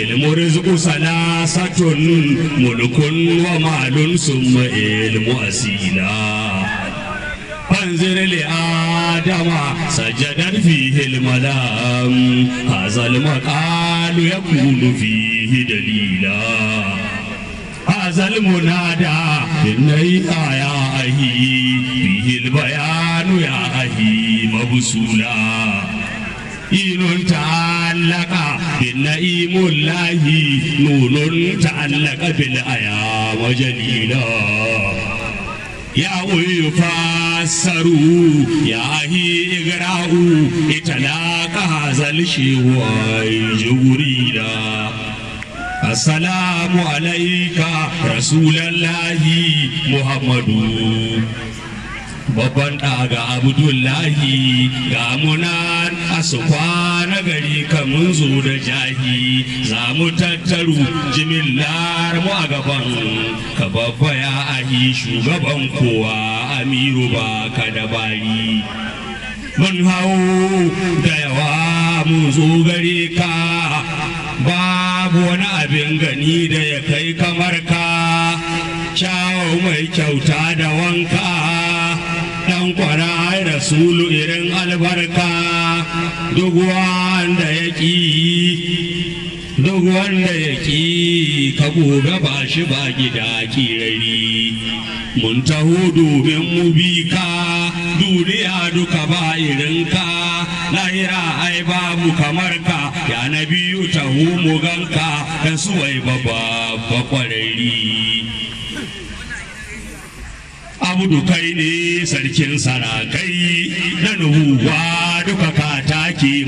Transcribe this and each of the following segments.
المرزق ثلاثة ملك ومال ثم علم أسيلا فانظر لآدم سجدت فيه الملام هذا المقال يكون فيه دليلا هذا المنادى إني يا أهي به البيان يا أهي مبسولا إن تعلق بالنعيم الله نون تعلق بالآية وجليلا ya wuyi fasaru ya hi igra'u italaka hazal shiwai jugurida Asalamu alaika rasulallahi muhammadu babban ɗaga ga abdullahi ga munan asufa na gari kamun zo da jahi za mu tattaru jimillar mu a gaban ka babba ya ahi shugaban kowa amiru ba ka dabari mun hau da yawa mun zo gare ka babu wani abin gani da ya kai kamar ka kyau mai kyauta da wanka dan kwara rasulu irin albarka duk wanda ya ki duk wanda ya ki ka gobe ba shi ba gida kirari mun taho domin mu bi ka duniya duka ba irin ka lahira ai babu kamar ka ya na biyu taho mu ganka dan suwai babba kwarari abudu kai ne sarkin sarakai na nuhuwa duka ka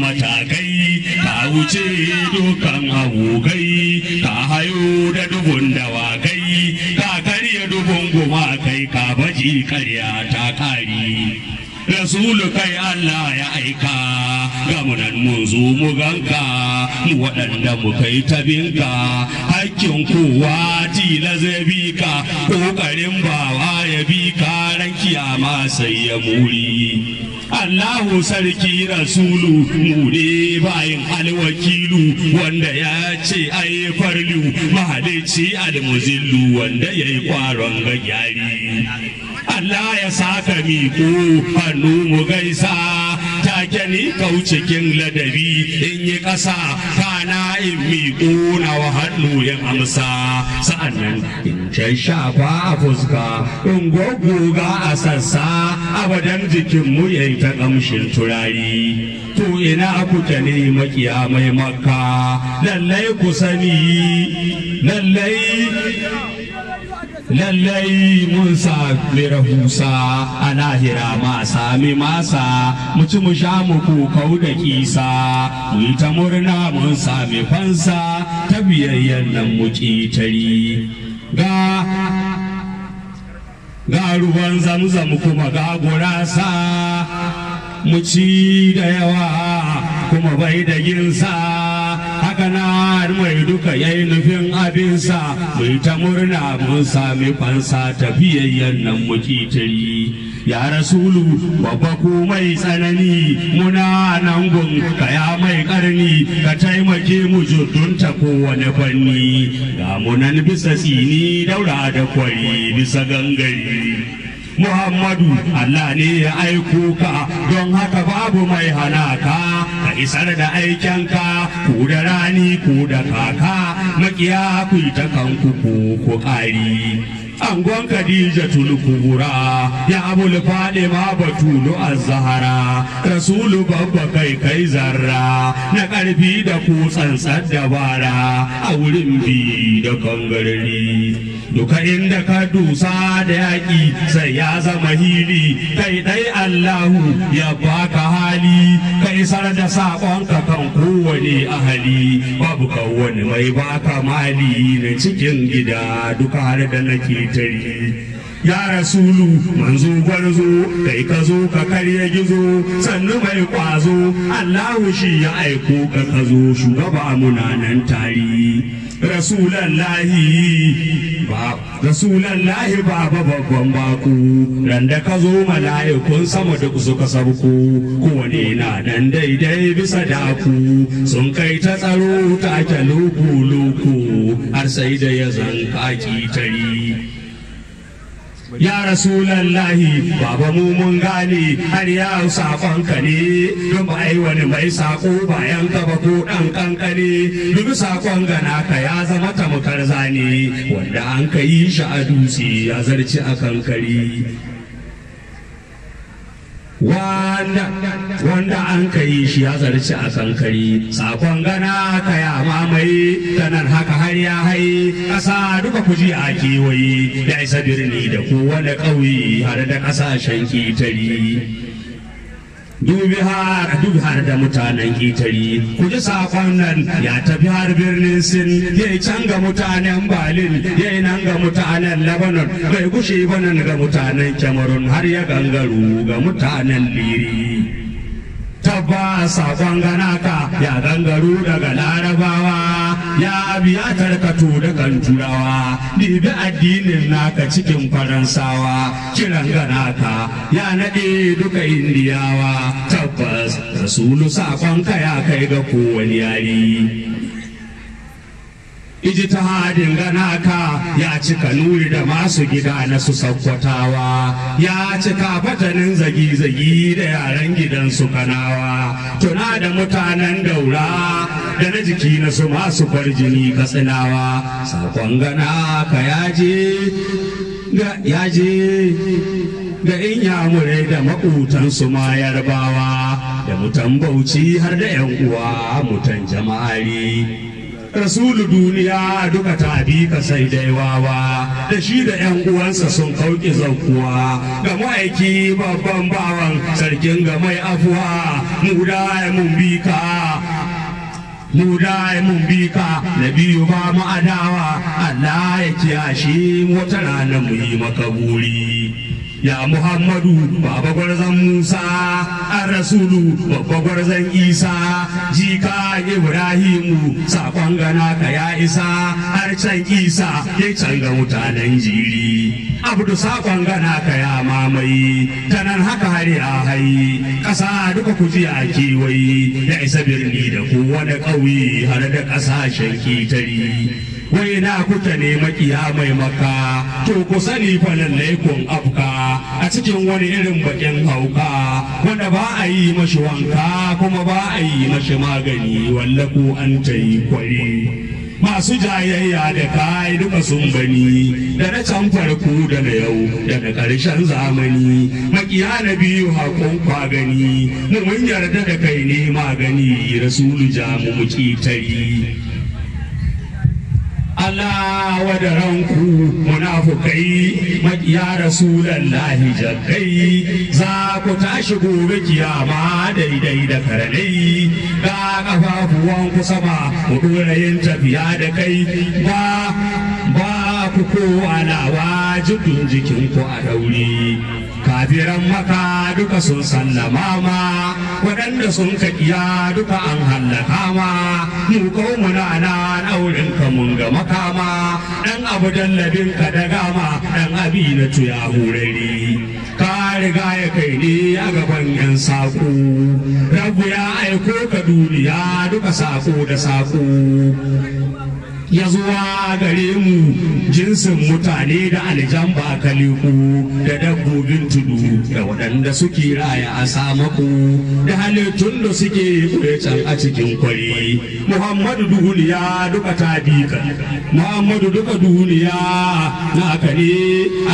matakai ka wuce dukan abokai ka hayo da dubun dawakai ka karya dubun gumakai ka baji karya rasulu kai Allah ya aika ga mu mun zo mu ganka mu waɗanda mu kai tabinka hakkin kowa tila zai bi ka ƙoƙarin bawa ya bi ka ran kiyama sai ya muri Allahu sarki rasulu mu ne bayin alwakilu wanda ya ce ai farlu mahalici almuzillu wanda yayi yi kwaron ga Allah ya saka miko hannu mu gaisa take ni cikin ladabi in yi ƙasa kana in miko nawa wa hannu ya amsa sa'annan in can shafa a fuska in goguga a sassa abadan jikinmu yi ta ƙamshin turari to ina kuke ne makiya mai makka lallai ku sani lallai lallai mun sami rahusa a lahira ma sami masa mu ci mu sha mu kokau da kisa mu ta murna mun sami fansa ta biyayyen nan mu ga ga ruwan zamzam kuma ga gurasa mu ci da yawa kuma bai da ginsa kana mai duka yayi nufin abinsa mai ta murna mun sami fansa tafiyayyen nan mukitiri ya rasulu babba ku mai tsanani muna nan gun ka ya mai karni ka taimake mu ta kowane fanni ga munan bisa tsini daura da kwari bisa gangari muhammadu allah ne ya aiko ka don haka babu mai hana ka isar da aikenka ku da rani ko da kaka makiya ku ta kanku ku ƙari angon Khadija tulkubura ya abul ma batulu azhara zahara rasulu babba kai kai zarra na karfi da sadda dabara a wurin bi da kangarari duka inda ka dusa da yaƙi sai ya zama hili kai dai Allahu ya baka hali kai sar da ka kan kowane ahali babu kawani mai baka mali na cikin gida duka har da nake ya rasulu manzo gwarzo kai ka zo ka karya gizo sannu mai kwazo allahu shi ya aiko ka ka zo shugaba muna nan tari rasulallahi ba rasulallahi baba babban baku ran da ka zo mala'ikun sama duk suka sabku kowane na nan daidai bisa daku sun kai ta tsaro ta loku loku har sai da ya zan kaki tari ya rasulallahi baba mu mun gane har ya sakon ka ne don ba ai wani mai sako bayan ka ba ko ɗan kankane duk sakon gana ka ya zama tamkar zane wanda an ka yi shi a dutse ya zarci a kankari wanda wanda an ka yi shi ya zarci a sankari sakon gana ka ya mamaye ta nan haka har ya hai ƙasa duka kuji a kewaye ya isa birni da kowane ƙauye har da ƙasashen ƙetare dubi har dubi har da mutanen itari ku ji sakon nan ya tafi har birnin sin ya can ga mutanen balin ya nan ga mutanen lebanon bai gushe banan ga mutanen cameroon har ya gangaru ga mutanen liri tabba sakon ganaka ya dangaru daga larabawa ya biya tarkato da turawa dibi addinin naka cikin faransawa kiran ganaka ya naɗe duka indiyawa tabbas rasulu sakonka ya kai ga kowani yari Iji ijtihadin gana ka ya cika nuri da masu gida na su sakkwatawa ya cika fatanin zagi-zagi da yaran su kanawa tuna da mutanen daura da na jiki na su masu farjini katsinawa sakon gana ka yaje je ga inyamurai da su ma yarbawa da mutan bauchi har da 'yan uwa mutan jama'ari rasulu duniya duka ta bi ka sai dai wawa da shi da yan uwansa sun kauki zankuwa ga ma'aiki babban bawan sarkin ga mai afuwa mu da mun bi ka mu da mun bi ka na biyu ba mu adawa Allah ya kiyashe wata ranar mu yi maka buri ya muhammadu baba musa an rasulu babba gwarzan isa jika ibrahimu sakon gana ka ya isa har can isa ya canza mutanen jiri abdu sakon gana ka ya mamaye ta nan haka hari a hayi ƙasa duka kuji a kewaye ya isa birni da kowane ƙauye har da ƙasashen ketare wai na kuka ne makiya mai maka to ku sani fa lallai kun afka a cikin wani irin bakin hauka wanda ba a yi mashi wanka kuma ba a yi mashi magani walla ko an ta yi kwari masu jayayya da kai duka sun bani, da na can farko da na yau daga na karshen zamani makiya na biyu hakon kwa gani mun yarda da kai ne magani rasulu jamu mu kitari Allah ranku munafukai makiya rasulallahi jadai za ku tashi gobe kiyama daidai da karnai ga kafafuwanku sama ku dora yin tafiya da kai ba ba ku ko alawa jikinku a daure kafiran maka duka sun sallama ma waɗanda sun kaƙiya duka an hallaka ma mu kawo na naurin ka mun ga makama ɗan abu dallabin ka da gama ɗan abi na tuya hurari ka riga ya kai ne a gaban yan saƙo rabu ya aiko ka duniya duka saƙo da saƙo ya zuwa gare mu jinsin mutane da aljamba kaliku da dabbobin tudu da waɗanda suke raya a samaku da halittun da suke can a cikin kwari muhammadu duniya duka ta bika muhammadu duka duniya na ka ne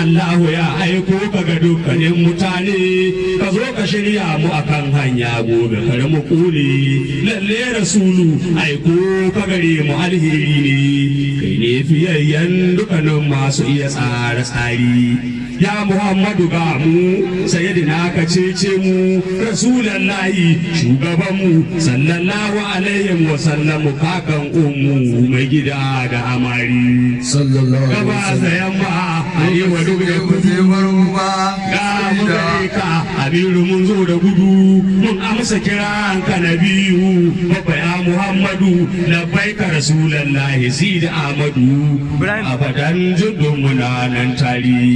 allahu ya aiko ka ga dukkanin mutane ka zo ka shirya mu a kan hanya gobe kare mu kule lalle rasulu aiko ka gare mu alheri ne kai ne fiyayyen dukkanin masu iya tsara tsari ya muhammadu ba mu sayyidina ka cece mu shugaban shugabanmu sallallahu alaihi wa sallam kakan ummu mai gida da amari sallallahu alaihi wa sallam ayi wa duk da kuje barin ba ga ka abin mun zo da gudu mun amsa kiran ka nabiyu babba muhammadu labbaika rasulallah zid ahmadu abadan jundun munanan tari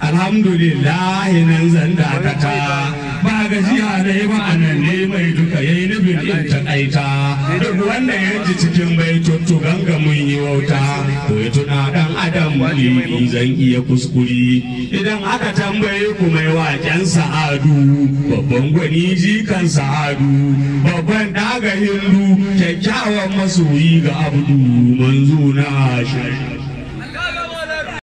alhamdulillah nan zan dakata ba gajiya dai ba anan ne mai duka yayi nufin in kaita, duk wanda ya ji cikin bai tuttu ganga mun yi wauta ko ya tuna dan adam ne zan iya kuskuri idan aka tambaye ku mai waken sa'adu babban gwani kan sa'adu babban daga hindu kyakkyawan masoyi ga abdu manzo na shaidu